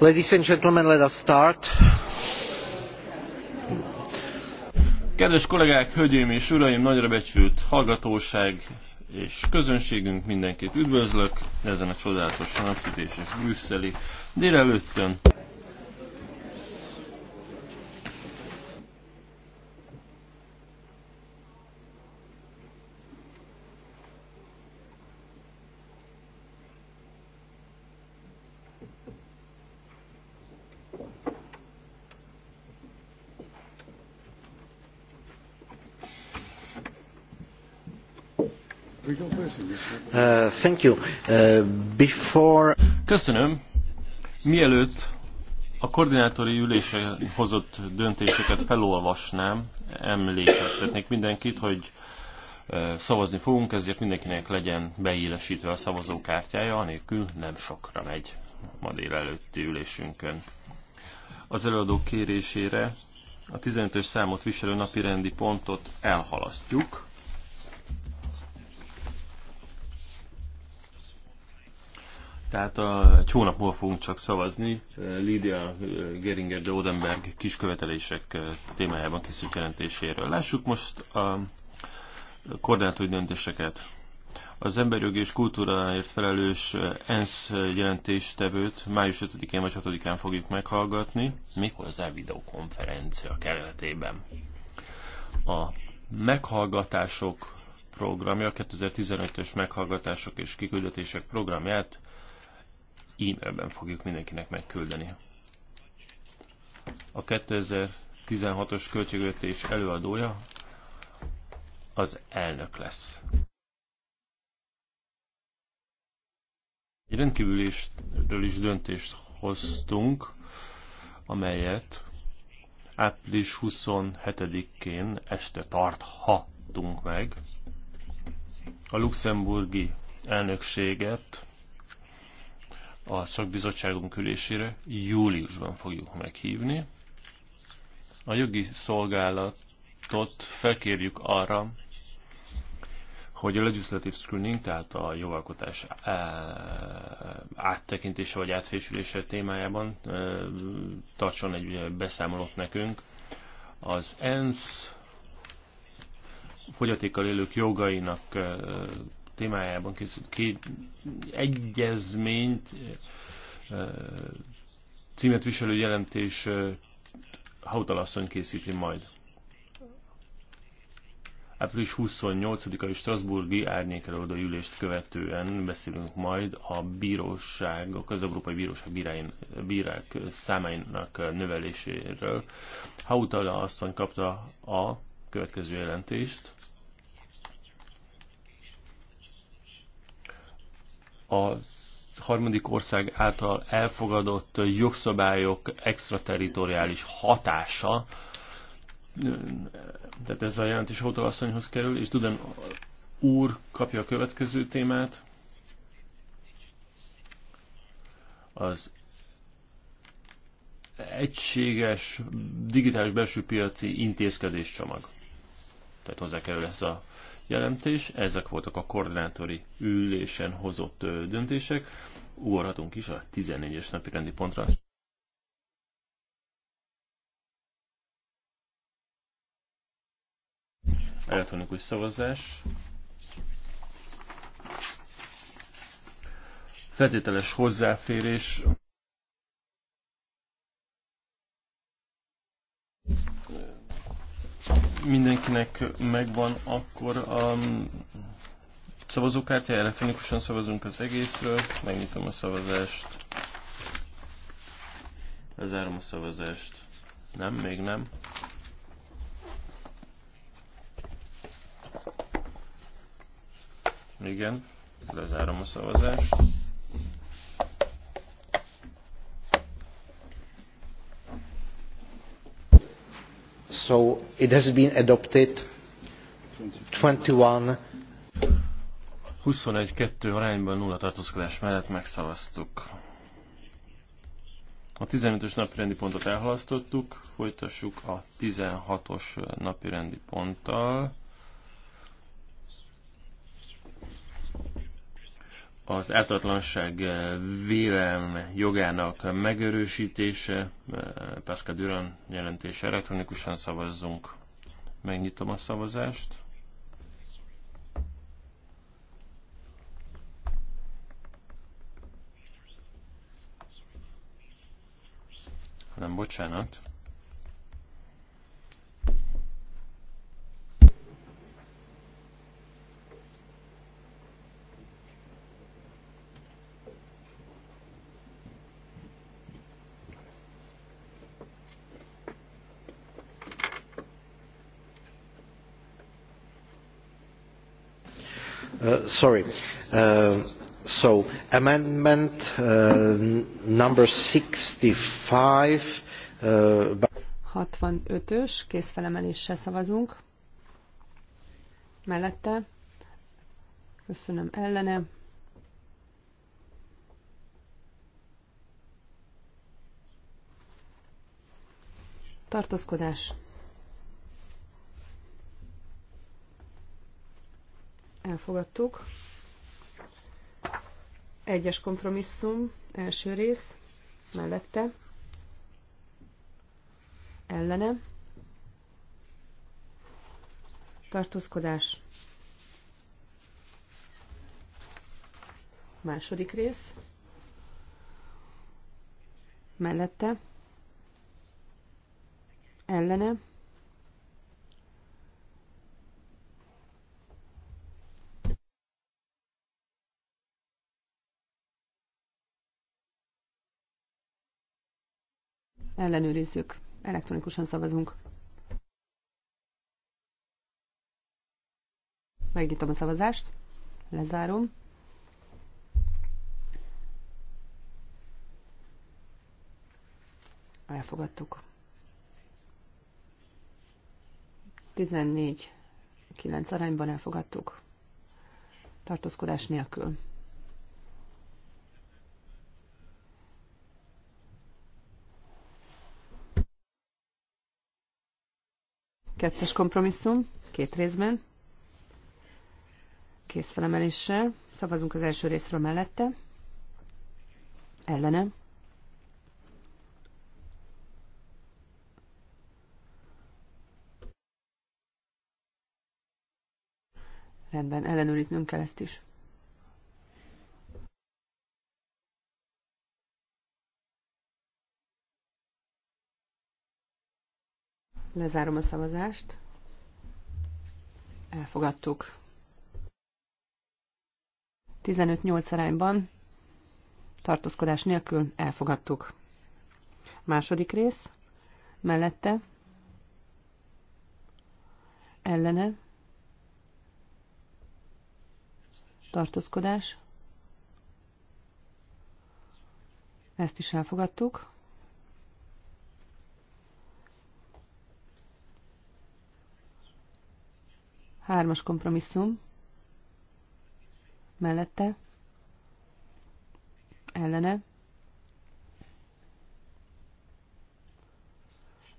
and gentlemen, let us start. Kedves kollégák, hölgyeim és uraim, nagyra becsült hallgatóság és közönségünk, mindenkit üdvözlök ezen a csodálatos napsütéses brüsszeli délelőttön. Uh, Köszönöm. Mielőtt a koordinátori ülése hozott döntéseket felolvasnám, emlékeztetnék mindenkit, hogy uh, szavazni fogunk, ezért mindenkinek legyen beélesítve a szavazókártyája, anélkül nem sokra megy ma délelőtti ülésünkön. Az előadó kérésére a 15-ös számot viselő napirendi pontot elhalasztjuk. Tehát a hónap múlva fogunk csak szavazni. Lídia Geringer de Odenberg kiskövetelések témájában készült jelentéséről. Lássuk most a koordinátori döntéseket. Az emberjogi és kultúráért felelős ENSZ jelentéstevőt május 5-én vagy 6-án fogjuk meghallgatni, Mikor méghozzá videokonferencia keretében. A meghallgatások programja, 2015-ös meghallgatások és kiküldetések programját e-mailben fogjuk mindenkinek megküldeni. A 2016-os költségvetés előadója az elnök lesz. Egy rendkívülésről is döntést hoztunk, amelyet április 27-én este tarthatunk meg. A luxemburgi elnökséget a szakbizottságunk ülésére júliusban fogjuk meghívni. A jogi szolgálatot felkérjük arra, hogy a legislative screening, tehát a jogalkotás eh, áttekintése vagy átfésülése témájában eh, tartson egy eh, beszámolót nekünk. Az ENSZ fogyatékkal élők jogainak témájában készült két egyezményt, címet viselő jelentés Hautalasszony készíti majd. Április 28-ai Strasburgi árnyékelődő ülést követően beszélünk majd a bíróságok, az Európai Bíróság bíráin, bírák számainak növeléséről. Hautala asszony kapta a következő jelentést. a harmadik ország által elfogadott jogszabályok extraterritoriális hatása, tehát ez a jelentés asszonyhoz kerül, és Duden úr kapja a következő témát, az egységes digitális belső piaci intézkedéscsomag. Tehát hozzá kerül ez a jelentés, ezek voltak a koordinátori ülésen hozott döntések, ugorhatunk is a 14-es napi rendi pontra. Elektronikus szavazás. Feltételes hozzáférés. mindenkinek megvan, akkor a mm, szavazókártya, elektronikusan szavazunk az egészről, megnyitom a szavazást, lezárom a szavazást, nem, még nem. Igen, lezárom a szavazást. So it has been adopted 21 21-2 arányban nulla tartózkodás mellett megszavaztuk. A 15-ös napirendi pontot elhalasztottuk, folytassuk a 16-os napirendi ponttal. az eltartlanság eh, vélelme jogának megerősítése, eh, Pászka Düran jelentése elektronikusan szavazzunk. Megnyitom a szavazást. Nem, bocsánat. Uh, sorry. Uh, so amendment uh, number sixty five 65-ös, készfelemeléssel szavazunk. Mellette. Köszönöm ellene. Tartózkodás. elfogadtuk. Egyes kompromisszum, első rész, mellette, ellene, tartózkodás, második rész, mellette, ellene, ellenőrizzük. Elektronikusan szavazunk. Megnyitom a szavazást, lezárom. Elfogadtuk. 14-9 arányban elfogadtuk. Tartózkodás nélkül. Kettes kompromisszum, két részben. Kész felemeléssel. Szavazunk az első részről mellette. Ellenem. Rendben, ellenőriznünk kell ezt is. Lezárom a szavazást. Elfogadtuk. 15-8 arányban tartózkodás nélkül elfogadtuk. Második rész, mellette, ellene, tartózkodás, ezt is elfogadtuk. Hármas kompromisszum. Mellette. Ellene.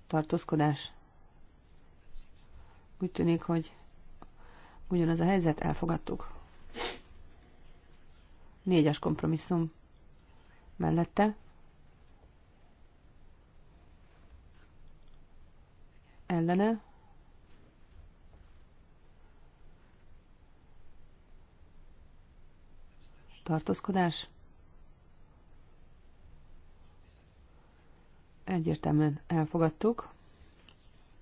Tartózkodás. Úgy tűnik, hogy ugyanaz a helyzet, elfogadtuk. Négyes kompromisszum. Mellette. Ellene. tartózkodás. Egyértelműen elfogadtuk.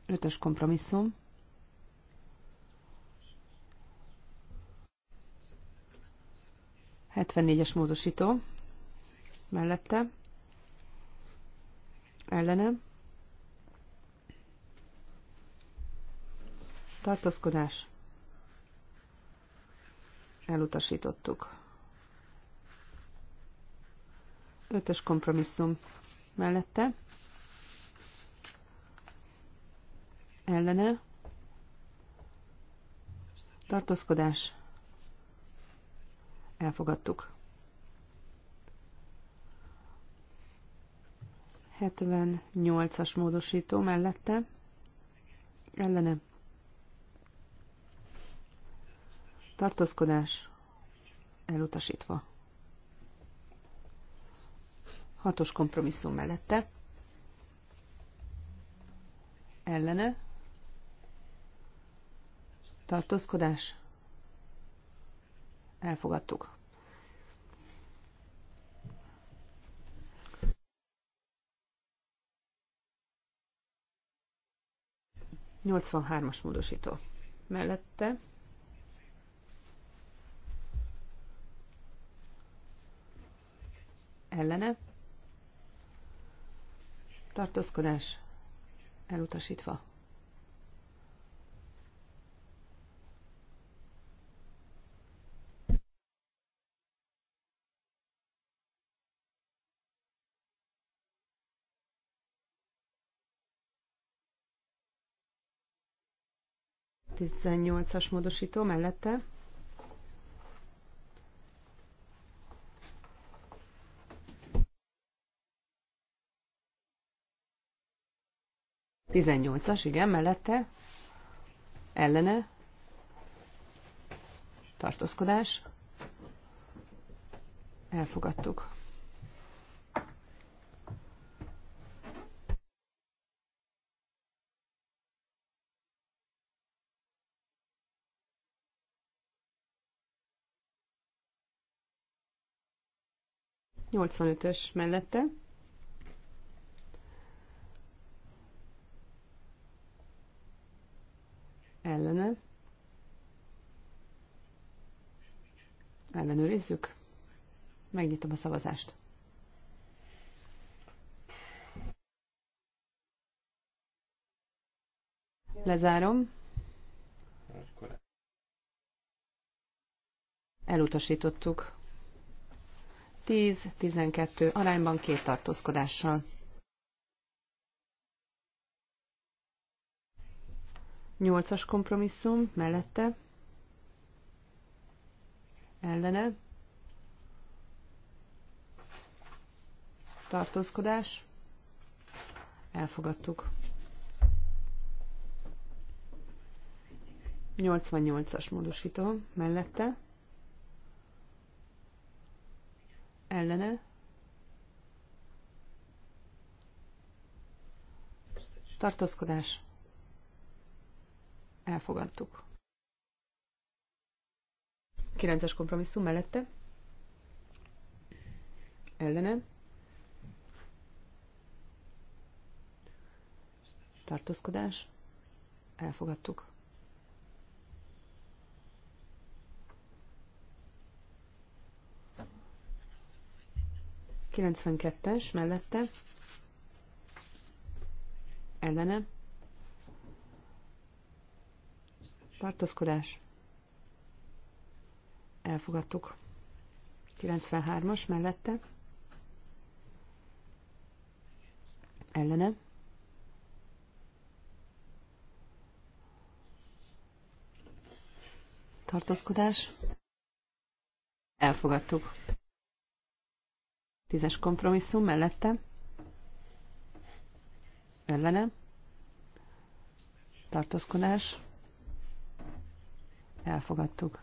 Ötös kompromisszum. Hetvennégyes módosító mellette, ellenem, tartózkodás, elutasítottuk. Ötös kompromisszum mellette. Ellene. Tartózkodás. Elfogadtuk. 78-as módosító mellette. Ellene. Tartózkodás elutasítva. Hatos kompromisszum mellette. Ellene. Tartózkodás. Elfogadtuk. hármas módosító. Mellette. ellene tartózkodás elutasítva. Tizennyolcas módosító mellette 18-as, igen, mellette, ellene, tartózkodás, elfogadtuk. Nyolcvanötös mellette ellene. Ellenőrizzük. Megnyitom a szavazást. Lezárom. Elutasítottuk. 10-12 arányban két tartózkodással. Nyolcas kompromisszum mellette. Ellene. Tartózkodás. Elfogadtuk. 88-as módosító mellette. Ellene. Tartózkodás elfogadtuk. 9-es kompromisszum mellette, ellene, tartózkodás, elfogadtuk. Kilencvenkettes mellette, ellene, tartózkodás, elfogadtuk. 93-as mellette, ellene, tartózkodás, elfogadtuk. Tízes kompromisszum mellette, ellene, tartózkodás, elfogadtuk.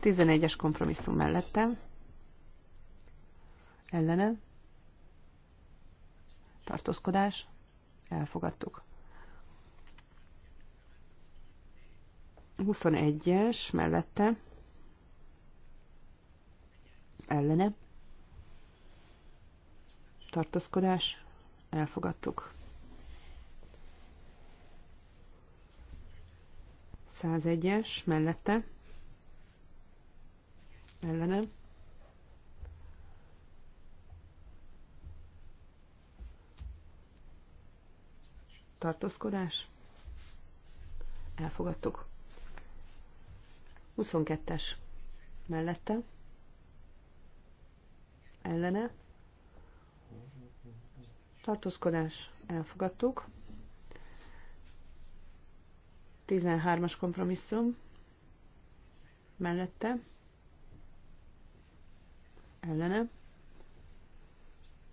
Tizenegyes kompromisszum mellettem, ellene, tartózkodás, elfogadtuk. 21-es mellette, ellene, tartózkodás, elfogadtuk. 101-es mellette, ellene. Tartózkodás. Elfogadtuk. 22-es mellette, ellene. Tartózkodás. Elfogadtuk. 13-as kompromisszum mellette, ellene,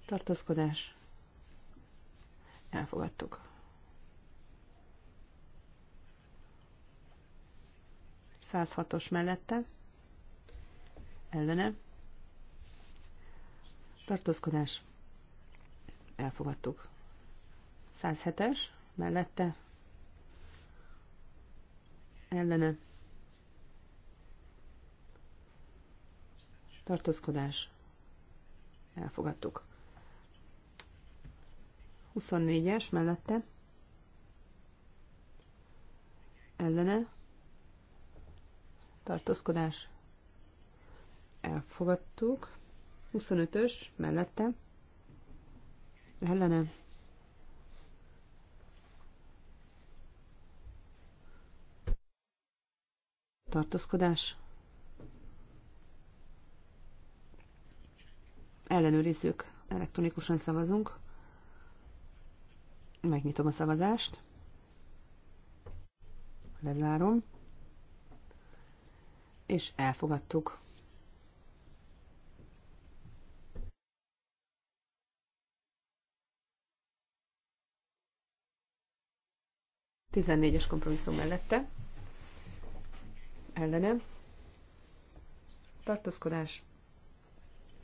tartózkodás, elfogadtuk. Százhatos mellette, ellene, tartózkodás, elfogadtuk. 107-es mellette, ellene tartózkodás elfogadtuk. 24-es mellette ellene tartózkodás elfogadtuk. 25-ös mellette ellene tartózkodás. Ellenőrizzük, elektronikusan szavazunk. Megnyitom a szavazást. Lezárom. És elfogadtuk. Tizennégyes kompromisszum mellette ellene tartózkodás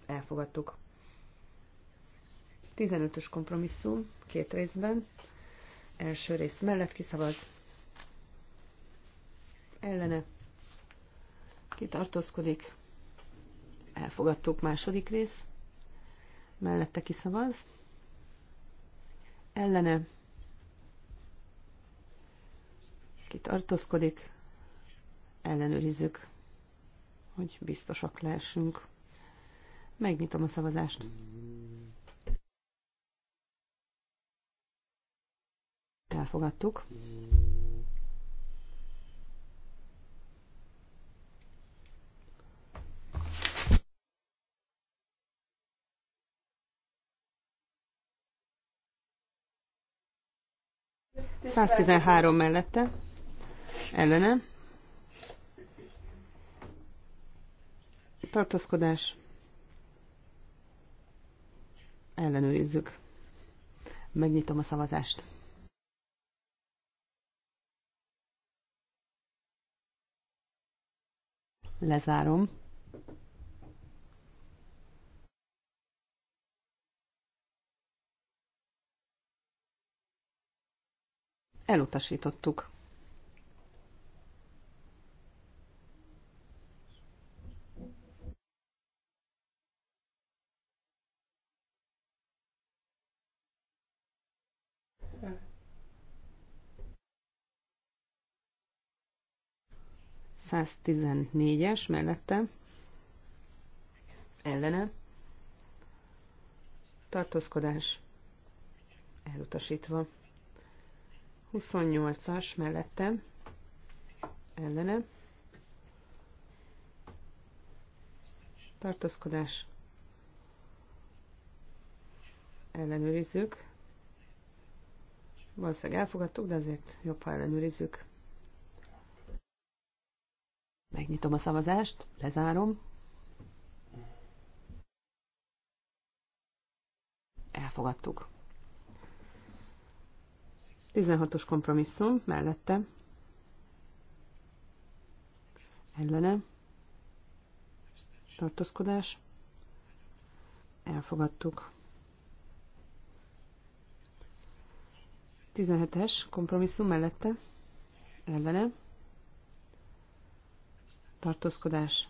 elfogadtuk. 15-ös kompromisszum két részben. Első rész mellett kiszavaz ellene kitartózkodik. Elfogadtuk második rész. Mellette kiszavaz. Ellene kitartózkodik ellenőrizzük, hogy biztosak lehessünk. Megnyitom a szavazást. Elfogadtuk. 113 mellette, ellene. tartózkodás, ellenőrizzük. Megnyitom a szavazást. Lezárom. Elutasítottuk. 114-es mellette ellene tartózkodás elutasítva. 28-as mellette ellene tartózkodás ellenőrizzük. Valószínűleg elfogadtuk, de azért jobb, ha ellenőrizzük. Megnyitom a szavazást, lezárom. Elfogadtuk. 16-os kompromisszum mellette. Ellene. Tartózkodás. Elfogadtuk. 17-es kompromisszum mellette. Ellene tartózkodás,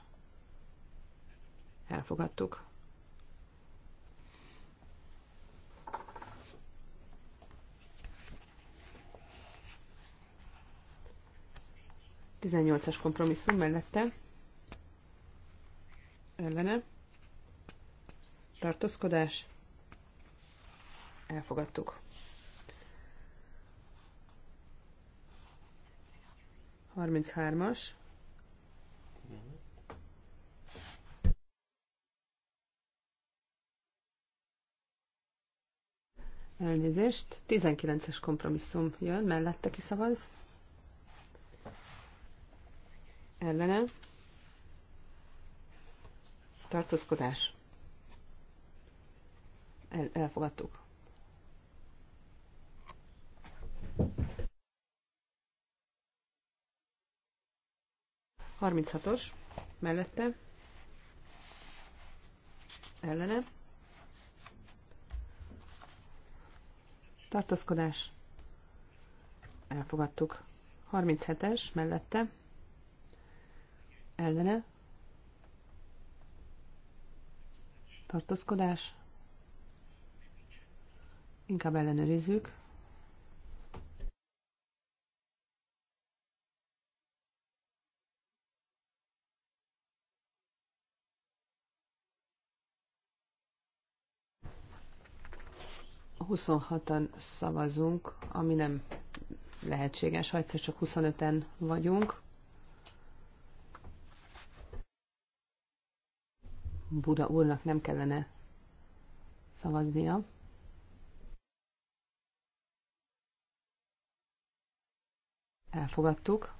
elfogadtuk. Tizennyolcas kompromisszum mellette, ellene, tartózkodás, elfogadtuk. 33-as Elnézést. 19-es kompromisszum jön, mellette kiszavaz. Ellene. Tartózkodás. El, elfogadtuk. Harminchatos mellette ellene tartózkodás, elfogadtuk. 37-es mellette, ellene, tartózkodás, inkább ellenőrizzük. 26-an szavazunk, ami nem lehetséges, ha egyszer csak 25-en vagyunk. Buda úrnak nem kellene szavaznia. Elfogadtuk.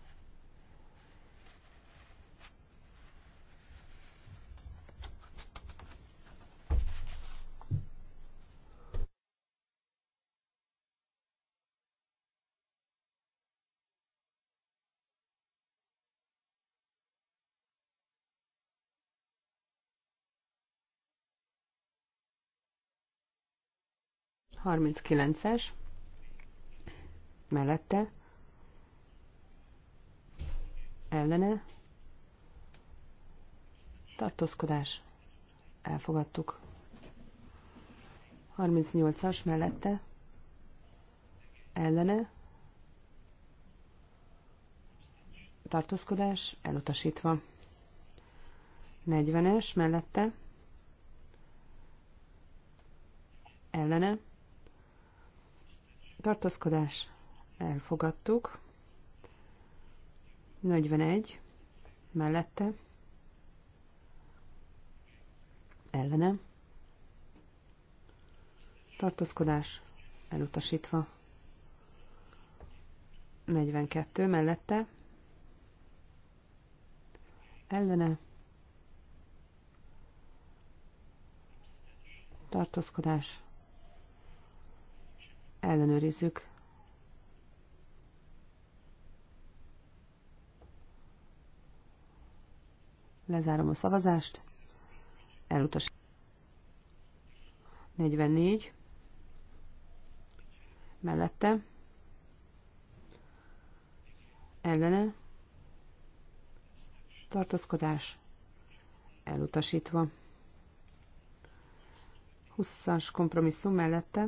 39-es mellette ellene tartózkodás elfogadtuk. 38-as mellette ellene tartózkodás elutasítva. 40-es mellette ellene tartózkodás elfogadtuk. 41 mellette ellene tartózkodás elutasítva. 42 mellette ellene tartózkodás ellenőrizzük. Lezárom a szavazást. Elutas. 44. Mellette. Ellene. Tartózkodás. Elutasítva. 20-as kompromisszum mellette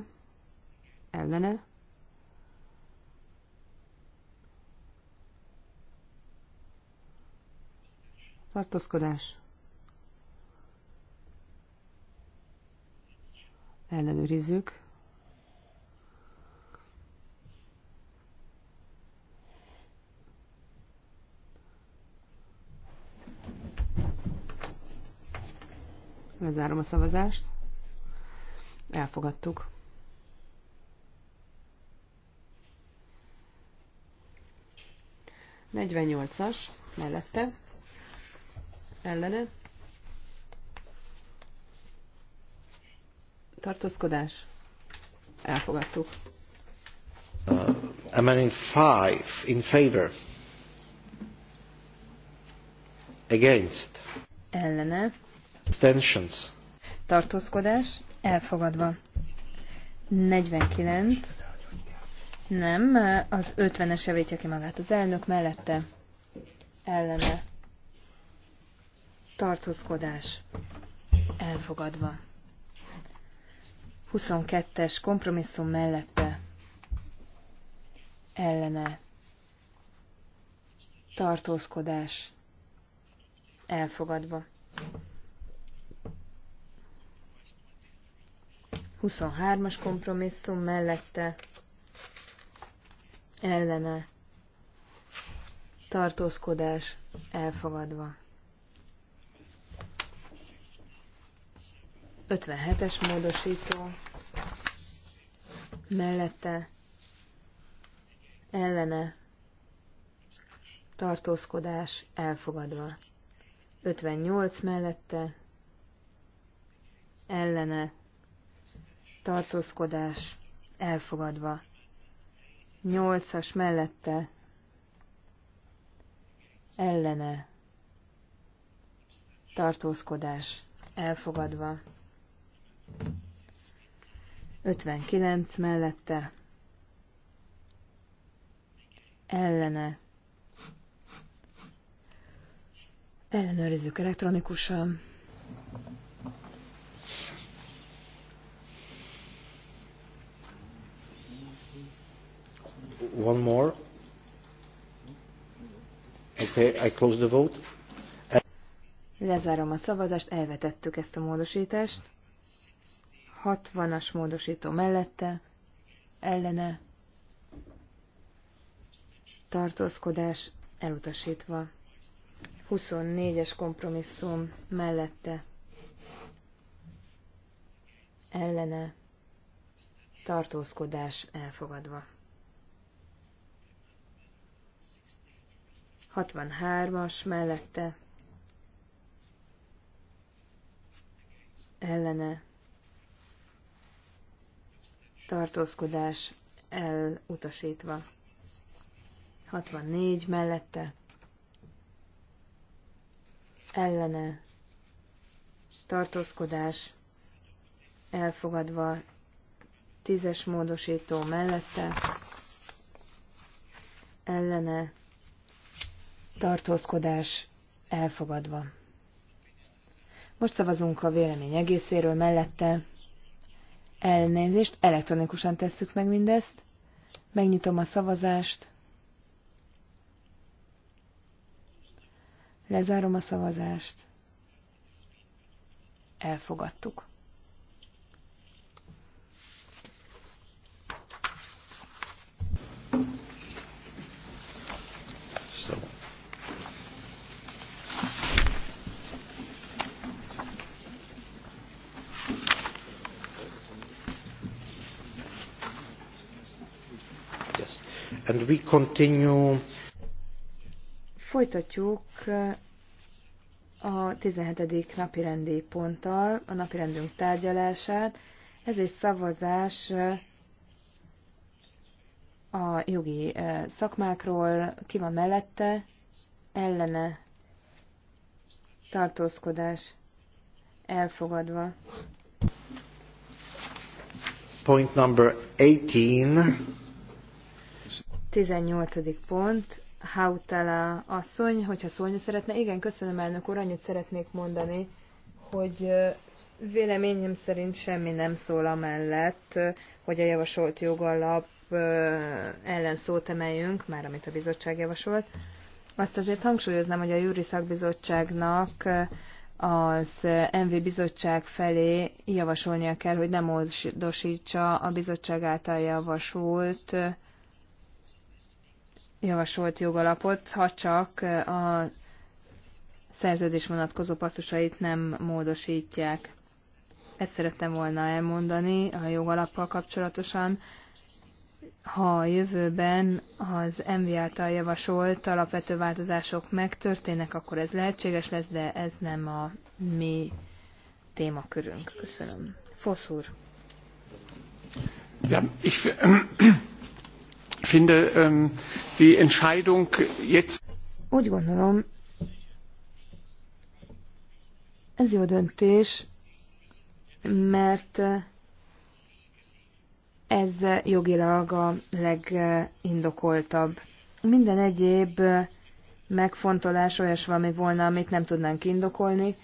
ellene. Tartózkodás. Ellenőrizzük. Lezárom a szavazást. Elfogadtuk. 48-as mellette ellene tartózkodás elfogadtuk. Uh, amendment 5 in favor against ellene abstentions tartózkodás elfogadva 49 nem, az 50-es javítja ki magát az elnök mellette. Ellene. Tartózkodás. Elfogadva. 22-es kompromisszum mellette. Ellene. Tartózkodás. Elfogadva. 23-as kompromisszum mellette ellene tartózkodás elfogadva. 57-es módosító mellette ellene tartózkodás elfogadva. 58 mellette ellene tartózkodás elfogadva. Nyolcas mellette ellene tartózkodás elfogadva. 59 mellette ellene ellenőrizzük elektronikusan. One more. Okay, I close the vote. Lezárom a szavazást, elvetettük ezt a módosítást. 60-as módosító mellette, ellene, tartózkodás elutasítva. 24-es kompromisszum mellette, ellene, tartózkodás elfogadva. 63-as mellette ellene tartózkodás elutasítva. 64 mellette ellene tartózkodás elfogadva tízes módosító mellette ellene tartózkodás elfogadva. Most szavazunk a vélemény egészéről mellette. Elnézést, elektronikusan tesszük meg mindezt. Megnyitom a szavazást. Lezárom a szavazást. Elfogadtuk. And we continue. Folytatjuk a 17. napirendi ponttal a napirendünk tárgyalását. Ez egy szavazás eh, a jogi eh, szakmákról, ki van mellette, ellene tartózkodás elfogadva. Point number 18. 18. pont, Hautala asszony, hogyha szólni szeretne. Igen, köszönöm elnök úr, annyit szeretnék mondani, hogy véleményem szerint semmi nem szól amellett, hogy a javasolt jogalap ellen szót emeljünk, már amit a bizottság javasolt. Azt azért hangsúlyoznám, hogy a Júri Szakbizottságnak az MV bizottság felé javasolnia kell, hogy nem módosítsa a bizottság által javasolt javasolt jogalapot, ha csak a szerződés vonatkozó passzusait nem módosítják. Ezt szerettem volna elmondani a jogalappal kapcsolatosan. Ha a jövőben az MV által javasolt alapvető változások megtörténnek, akkor ez lehetséges lesz, de ez nem a mi témakörünk. Köszönöm. Fosz úr. Ja, ich, finde ähm, die Entscheidung jetzt. Úgy gondolom, ez jó döntés, mert ez jogilag a legindokoltabb. Minden egyéb megfontolás olyas valami volna, amit nem tudnánk indokolni.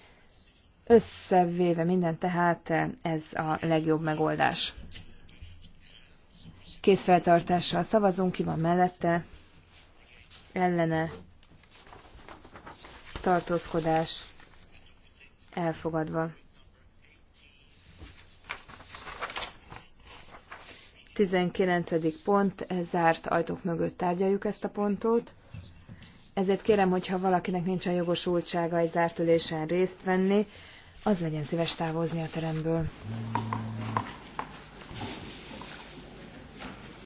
Összevéve minden, tehát ez a legjobb megoldás készfeltartással szavazunk, ki van mellette, ellene, tartózkodás, elfogadva. 19. pont, zárt ajtók mögött tárgyaljuk ezt a pontot. Ezért kérem, hogyha valakinek nincsen jogosultsága egy zártülésen részt venni, az legyen szíves távozni a teremből.